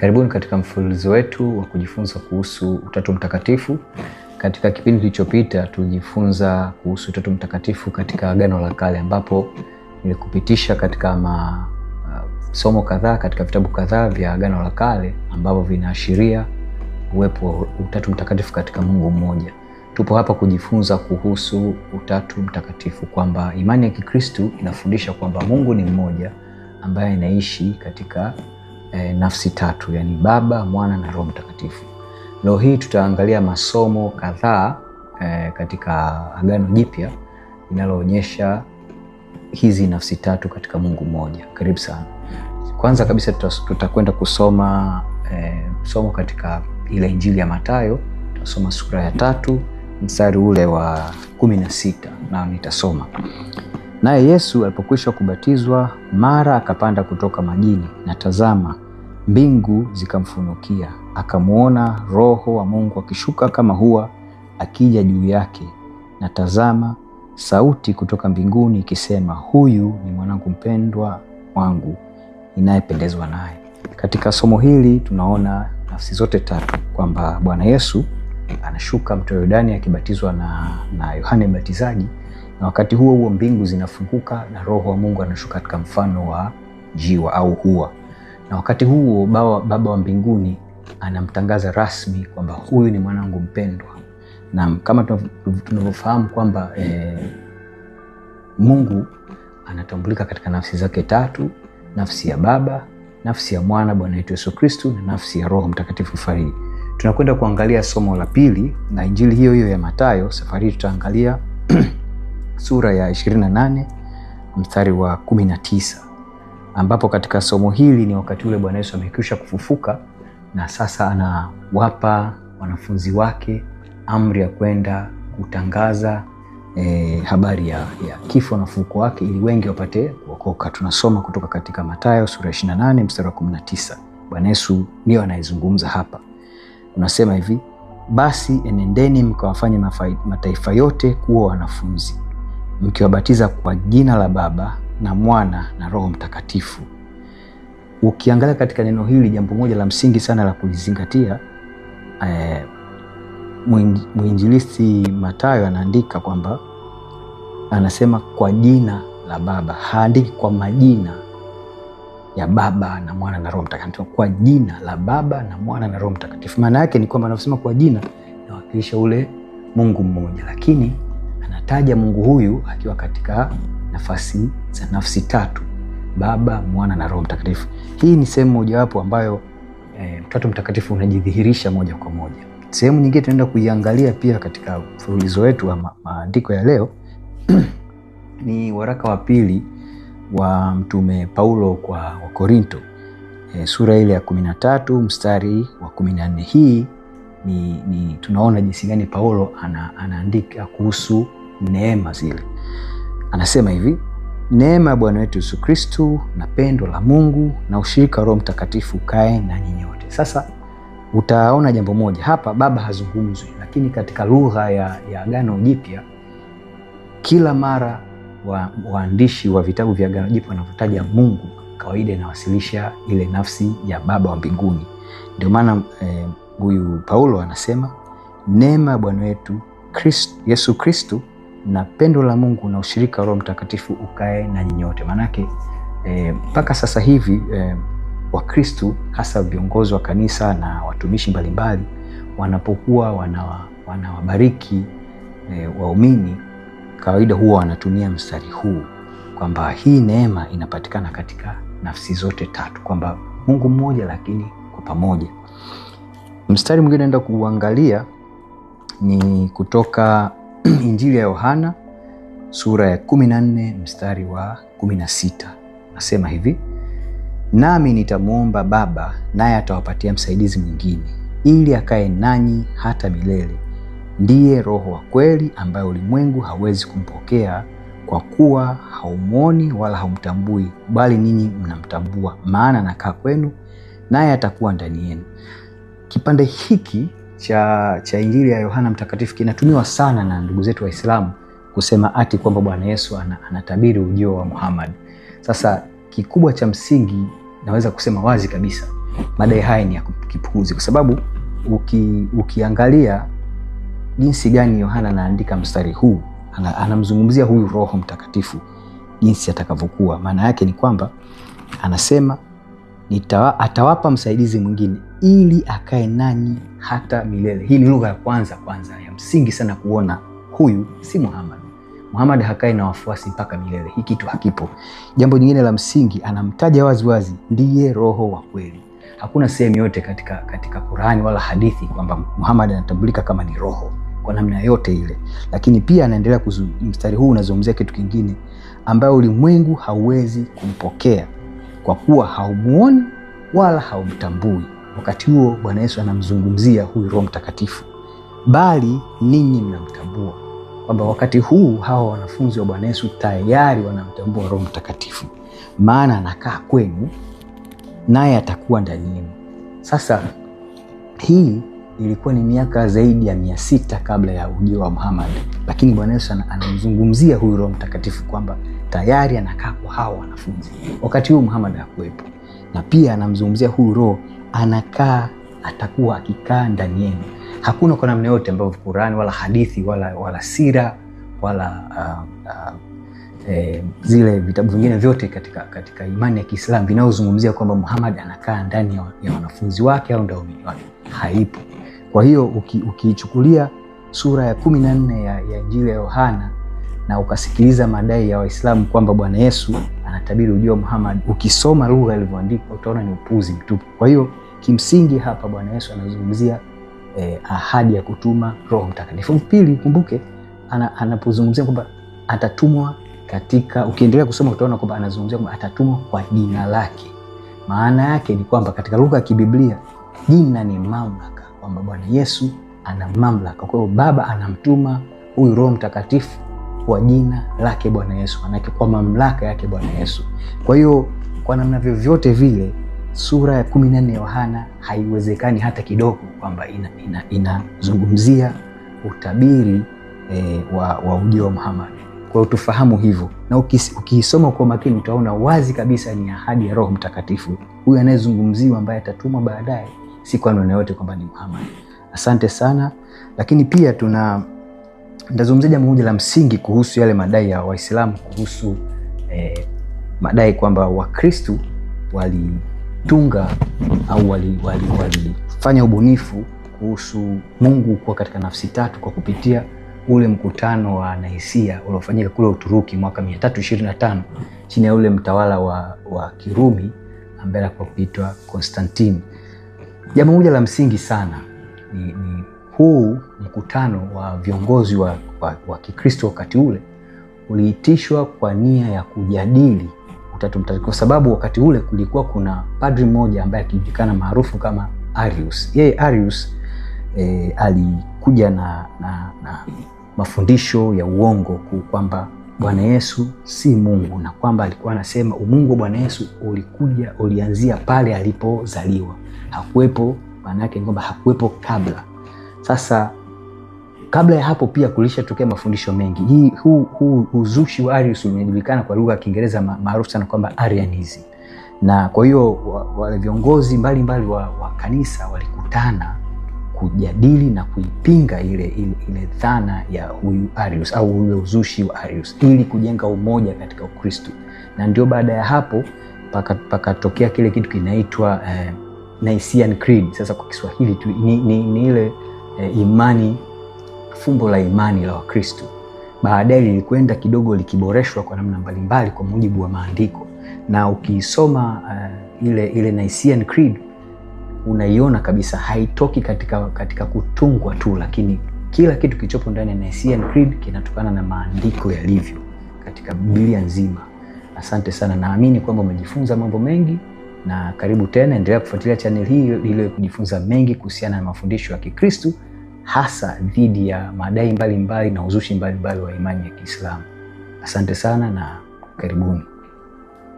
Karibuni katika mfululizo wetu wa kujifunza kuhusu Utatu Mtakatifu. Katika kipindi kilichopita tulijifunza kuhusu Utatu Mtakatifu katika Agano la Kale, ambapo nilikupitisha katika masomo uh, kadhaa katika vitabu kadhaa vya Agano la Kale ambavyo vinaashiria uwepo wa Utatu Mtakatifu katika Mungu mmoja. Tupo hapa kujifunza kuhusu Utatu Mtakatifu, kwamba imani ya Kikristu inafundisha kwamba Mungu ni mmoja ambaye anaishi katika e, nafsi tatu, yani Baba, Mwana na Roho Mtakatifu. Leo hii tutaangalia masomo kadhaa e, katika Agano Jipya linaloonyesha hizi nafsi tatu katika Mungu mmoja. Karibu sana. Kwanza kabisa tutakwenda tuta kusoma e, somo katika ile Injili ya matayo tutasoma sura ya tatu mstari ule wa kumi na sita na nitasoma naye. Yesu alipokwisha kubatizwa, mara akapanda kutoka majini, na tazama Mbingu zikamfunukia, akamwona Roho wa Mungu akishuka kama hua akija juu yake, na tazama, sauti kutoka mbinguni ikisema, huyu ni mwanangu mpendwa wangu inayependezwa naye. Katika somo hili tunaona nafsi zote tatu kwamba Bwana Yesu anashuka mto Yordani akibatizwa na, na Yohane Mbatizaji, na wakati huo huo mbingu zinafunguka na Roho wa Mungu anashuka katika mfano wa jiwa au hua na wakati huo baba, baba wa mbinguni anamtangaza rasmi kwamba huyu ni mwanangu mpendwa, na kama tunavyofahamu kwamba e, Mungu anatambulika katika nafsi zake tatu: nafsi ya Baba, nafsi ya Mwana Bwana wetu Yesu Kristu na nafsi ya Roho Mtakatifu. farii tunakwenda kuangalia somo la pili na injili hiyo hiyo ya Mathayo. Safari hii tutaangalia sura ya 28 mstari wa 19 ambapo katika somo hili ni wakati ule Bwana Yesu amekwisha kufufuka na sasa anawapa wanafunzi wake amri ya kwenda kutangaza e, habari ya, ya kifo na ufufuko wake ili wengi wapate kuokoka. Tunasoma kutoka katika Mathayo sura 28 mstari wa 19. Bwana Yesu ndio anayezungumza hapa, unasema hivi: basi enendeni mkawafanye mataifa yote kuwa wanafunzi, mkiwabatiza kwa jina la Baba na Mwana na Roho Mtakatifu. Ukiangalia katika neno hili, jambo moja la msingi sana la kulizingatia eh, mwinjilisti matayo anaandika kwamba anasema kwa jina la Baba, haandiki kwa majina ya Baba na Mwana na Roho Mtakatifu, kwa jina la Baba na Mwana na Roho Mtakatifu. Maana yake ni kwamba anavyosema kwa jina nawakilisha ule Mungu mmoja, lakini anataja Mungu huyu akiwa katika nafasi za nafsi tatu, Baba, Mwana na Roho Mtakatifu. Hii ni sehemu mojawapo ambayo e, eh, Utatu Mtakatifu unajidhihirisha moja kwa moja. Sehemu nyingine tunaenda kuiangalia pia katika mfululizo wetu wa ma maandiko ya leo ni waraka wa pili wa Mtume Paulo kwa Wakorinto e, sura ile ya kumi na tatu mstari wa kumi na nne. Hii ni, ni tunaona jinsi gani Paulo ana, anaandika kuhusu neema zile. Anasema hivi: neema ya Bwana wetu Yesu Kristu na pendo la Mungu na ushirika Roho Mtakatifu kae na nyinyi wote. Sasa utaona jambo moja hapa, Baba hazungumzwi, lakini katika lugha ya, ya Agano Jipya kila mara wa, waandishi wa vitabu vya Agano Jipya wanavyotaja Mungu kawaida inawasilisha ile nafsi ya Baba wa mbinguni. Ndio maana eh, huyu eh, Paulo anasema neema ya Bwana wetu Yesu Kristu na pendo la Mungu na ushirika wa Roho Mtakatifu ukae na nyinyi wote. Maanake eh, mpaka e, sasa hivi e, Wakristu hasa viongozi wa kanisa na watumishi mbalimbali wanapokuwa wanawabariki wana eh, e, waumini kawaida huwa wanatumia mstari huu kwamba hii neema inapatikana katika nafsi zote tatu, kwamba Mungu mmoja lakini kwa pamoja. Mstari mwingine naenda kuuangalia ni kutoka Injili ya Yohana sura ya 14 mstari wa 16 nasema hivi, nami nitamwomba Baba naye atawapatia msaidizi mwingine ili akae nanyi hata milele, ndiye Roho wa kweli, ambaye ulimwengu hawezi kumpokea kwa kuwa haumwoni wala haumtambui, bali ninyi mnamtambua, maana anakaa kwenu naye atakuwa ndani yenu. Kipande hiki cha, cha Injili ya Yohana Mtakatifu kinatumiwa sana na ndugu zetu Waislamu kusema ati kwamba Bwana Yesu anatabiri ujio wa Muhammad. Sasa kikubwa cha msingi, naweza kusema wazi kabisa madai haya ni ya kipuuzi, kwa sababu uki, ukiangalia jinsi gani Yohana anaandika mstari huu, anamzungumzia huyu Roho Mtakatifu jinsi atakavyokuwa, maana yake ni kwamba anasema nitawa, atawapa msaidizi mwingine ili akae nanyi hata milele. Hii ni lugha ya kwanza kwanza ya msingi sana kuona huyu si Muhammad. Muhammad hakae na wafuasi mpaka milele, hii kitu hakipo. Jambo jingine la msingi, anamtaja waziwazi, ndiye roho wa kweli. Hakuna sehemu yote katika, katika Qurani wala hadithi kwamba Muhammad anatambulika kama ni roho kwa namna yote ile, lakini pia anaendelea, mstari huu unazungumzia kitu kingine ambayo ulimwengu hauwezi kumpokea kwa kuwa haumuoni wala haumtambui. Wakati huo Bwana Yesu anamzungumzia huyu Roho Mtakatifu, bali ninyi mnamtambua, kwamba wakati huu hawa wanafunzi wa Bwana Yesu tayari wanamtambua Roho Mtakatifu, maana anakaa kwenu naye atakuwa ndani yenu. Sasa hii ilikuwa ni miaka zaidi ya mia sita kabla ya ujio wa Muhammad lakini Bwana Yesu anamzungumzia huyu Roho Mtakatifu kwamba tayari anakaa kwa hao wanafunzi wakati huu Muhammad hakuwepo, na pia anamzungumzia huyu Roho anakaa, atakuwa akikaa ndani yenu. Hakuna kwa namna yote ambavyo Qurani wala hadithi wala, wala sira wala uh, uh, eh, zile vitabu vingine vyote katika, katika imani ya Kiislamu vinaozungumzia kwamba Muhammad anakaa ndani ya wanafunzi wake au ndaumini wake haipo. Kwa hiyo ukiichukulia uki sura ya kumi na nne ya, ya Injili ya Yohana na ukasikiliza madai ya Waislamu kwamba Bwana Yesu anatabiri ujio wa Muhammad, ukisoma lugha ilivyoandikwa utaona ni upuzi mtupu. Kwa hiyo kimsingi hapa Bwana Yesu anazungumzia eh, ahadi ya kutuma Roho Mtakatifu. Pili, kumbuke anapozungumzia kwamba atatumwa katika, ukiendelea kusoma utaona kwamba anazungumzia kwamba atatumwa kwa jina lake. Maana yake ni kwamba katika lugha ya kibiblia jina ni mamlaka, kwamba Bwana Yesu ana mamlaka. Kwa hiyo Baba anamtuma huyu Roho Mtakatifu kwa jina lake Bwana Yesu, manake kwa mamlaka yake Bwana Yesu. Kwa hiyo kwa namna vyovyote vile sura ya kumi na nne Yohana haiwezekani hata kidogo kwamba inazungumzia ina, ina utabiri e, wa, wa ujio wa Muhammad. Kwa hiyo tufahamu hivyo, na ukiisoma kwa makini utaona wazi kabisa ni ahadi ya Roho Mtakatifu huyu anayezungumziwa, ambaye atatumwa baadaye, si kwa namna yote kwamba ni Muhammad. Asante sana. Lakini pia tuna ndazungumzia jambo moja la msingi kuhusu yale madai ya Waislamu kuhusu eh, madai kwamba Wakristu walitunga au walifanya wali, wali ubunifu kuhusu Mungu kuwa katika nafsi tatu kwa kupitia ule mkutano wa nahisia uliofanyika kule Uturuki mwaka 325 chini ya ule mtawala wa, wa Kirumi ambaye alikuwa kuitwa Konstantini. Jambo moja la msingi sana ni, ni huu mkutano wa viongozi wa, wa, wa Kikristo wakati ule uliitishwa kwa nia ya kujadili Utatu Mtakatifu kwa sababu wakati ule kulikuwa kuna padri mmoja ambaye akijulikana maarufu kama Arius. Yeye Arius e, alikuja na, na, na mafundisho ya uongo kwamba Bwana Yesu si Mungu na kwamba alikuwa anasema umungu wa Bwana Yesu ulikuja ulianzia pale alipozaliwa, hakuwepo maana yake ni kwamba hakuwepo kabla. Sasa kabla ya hapo pia kulishatokea mafundisho mengi. Hii huu, hu, uzushi wa Arius unajulikana kwa lugha ya Kiingereza maarufu sana kwamba Arianism, na kwa hiyo wale viongozi mbalimbali wa, wa kanisa walikutana kujadili na kuipinga ile, ile, ile dhana ya huyu Arius au huyo uzushi wa Arius ili kujenga umoja katika Ukristo, na ndio baada ya hapo pakatokea paka kile kitu kinaitwa eh, Nicene creed. Sasa kwa Kiswahili tu ni, ni, ni ile e, imani, fumbo la imani la Wakristo. Baadaye lilikwenda kidogo likiboreshwa kwa namna mbalimbali kwa mujibu wa maandiko, na ukiisoma uh, eh, ile, ile Nicene Creed unaiona kabisa haitoki katika, katika kutungwa tu, lakini kila kitu kilichopo ndani ya Nicene Creed kinatokana na maandiko yalivyo katika Biblia nzima. Asante sana, naamini kwamba umejifunza mambo mengi na karibu tena. Endelea kufuatilia channel hii ili kujifunza mengi kuhusiana na mafundisho ya Kikristu, hasa dhidi ya madai mbalimbali na uzushi mbalimbali wa imani ya Kiislamu. Asante sana na karibuni.